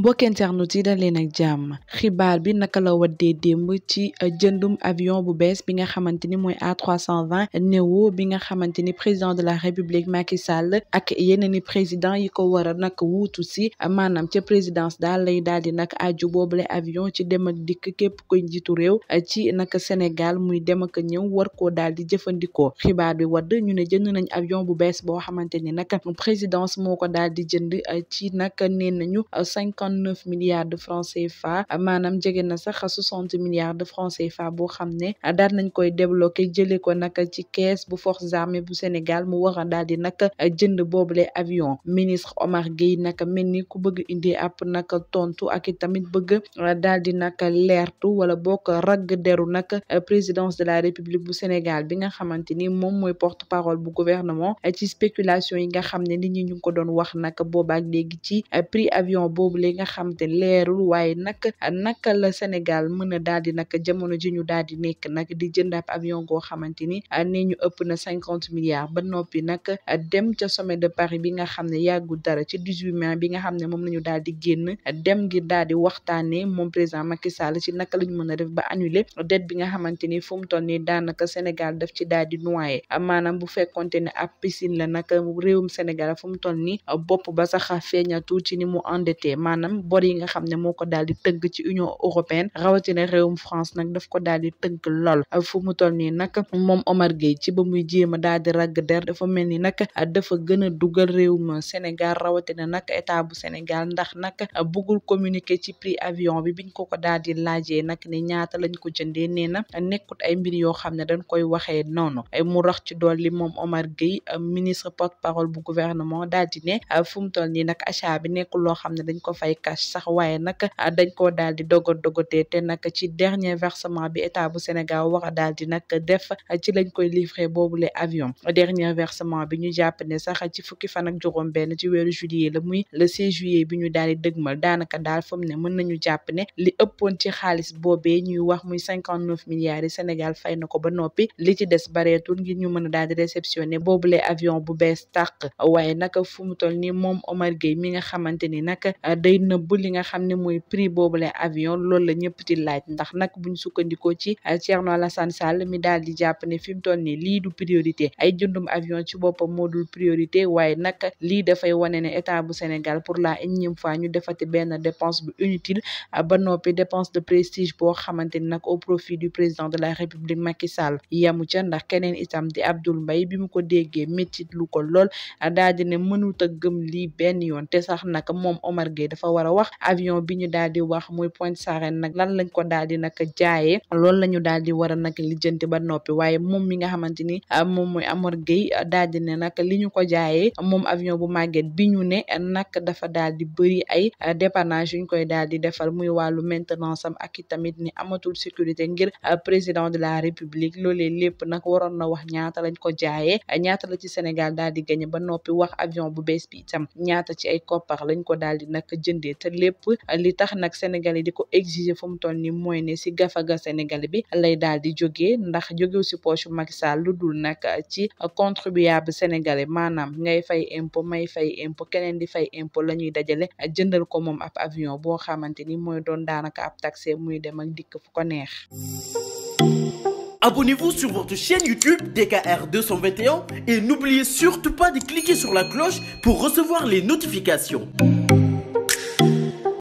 mbokk internautes yi dal leen ak jàmm xibaar bi naka la waddee démb ci euh, jëndum avion bu bees bi nga xamante ni mooy A320 néo e bi nga xamante ni président de la république Macky Sall ak yeneen i président yi ko war a nag wuutu si maanaam ca présidence daal lay daal di nag aju boobule avion ci dem ak dikk képp koy njiitu réew euh, ci nag Sénégal muy dem ak ñëw war koo daal di jëfandikoo xibaar bi wadd ñu ne jënd nañ avion bu bees boo xamante ni nag moo ko daal di jënd euh, ci nag soixante-neuf milliards de francs CFA maanaam jege na a soixante milliards de francs CFA boo xam ne daal nañ koy débloqué jëlee ko nag ci caisse bu forces armées bu Sénégal mu war a daal di nag jënd boobule avion ministre Omar gi nag mel ni ku bëgg indi ab nag tontu ak i tamit bëgg daal di nag leertu wala bokk ragg deru nag présidence de la république bu Sénégal bi nga xamante ni moom mooy porte parole bu gouvernement ci spéculation yi nga nga xam te leerul waaye nag naka la Sénégal mën a daal di nag jamono ji ñu daal di nekk nag di jënd ab avion goo xamante ni ah, nee ñu ëpp na cinquante milliards ba noppi nag ah, dem ca sommet de Paris bi nga xam ne yàggul dara ci dix-huit mai bi nga xam ne moom la ñu daal di génn ah, dem ngir daal di waxtaanee moom président Macky Sall ci naka la ñu mën a def ba annuler dette bi nga xamante ni fu mu toll nii daanaka Sénégal daf ci daal di noyé maanaam bu fekkonte ne ab piscine la nag réewum Sénégal fu mu toll nii bopp ba sax feeñatu ci ni mu endetté maanaam maanaam bor yi nga xam ne moo ko daal di tënk ci union européenne rawatina France nag daf ko daal di tënk lool fu mu toll nii moom Omar Gueye ci ba muy jéem a daal di rag der dafa mel ni nag dafa gën a dugal réewum Sénégal rawatina nag état bu Sénégal ndax nag bëggul communiquer ci prix avion bi biñ ko ko daal di laajee nag ne ñaata lañ ko jëndee nee na nekkut ay mbir yoo xam ne dañ koy waxee noonu mu rax ci dolli moom Omar Gueye ministre porte-parole bu gouvernement cash sax waaye nag ah, dañ koo daal di dogot dogotee te nag ci dernier versement bi état bu Sénégal war a daal di nag def ah, ci lañ koy livré boobule avion dernier versement bi ñu jàpp ne sax ci fukki fan ak juróom benn ci weeru juillet la muy le 6 juillet bi ñu daal di dëgmal daanaka daal fa ne mën nañu jàpp ne li ëppoon ci xaalis boobee ñuy wax muy cinquante neuf milliards yi Sénégal fay na ko ba noppi li ci des bareetul ngir ñu mën a daal di réceptionné boobule avion bu bees tàq waaye nëbb li a xam ne mooy prix boobule avion lool la ñëpp di laaj ndax nag buñ sukkandikoo ci la euh, Alassane Sall mi daal di jàpp ne fi mu toll nii lii du priorité ay jëndum avion ci boppam moo dul priorité waaye nag lii dafay wane ne état bu Sénégal pour la énième fois ñu defa defati benn dépense bu inutile euh, ba noppi dépense de prestige boo xamante ni nag au profit du président de la République Macky Sall yamu ca ndax keneen itam di Abdoul Mbaye bi mu ko déggee métti lu ko lool euh, daal di ne lii benn yoon te sax war a avion bi ñu daal di wax muy Pointe Sarène nag lan lañ ko daal di nag jaayee loolu la ñu daal di war a nag lijjanti ba noppi waaye moom mi nga xamante ni ah, moom mooy Amar Gueye daal di ne nag li ñu ko jaayee moom avion bu màgget bi ñu ne nag dafa daal di bëri ay ah, dépannage yuñ koy daal di defal muy wàllu maintenance am ak i tamit ni amatul sécurité ngir ah, président de la république loolee lépp nag waroon na wax ñaata lañ ko jaayee ñaata la ci Sénégal daal liggéey te lépp li tax nag sénégalais di ko exiger fu mu toll ni mooy ne si ga sénégalais bi lay daal di jógee ndax jógew si poche Macky Sall lu dul nag ci contribuable sénégalais maanaam ngay fay impôt may fay impôt keneen di fay impôt la ñuy dajale jëndal ko moom ab avion boo xamante ni mooy doon daanaka ab taxé muy dem ak dikk fu ko neex Abonnez-vous sur votre chaîne YouTube DKR 221 et n'oubliez surtout pas de cliquer sur la cloche pour recevoir les notifications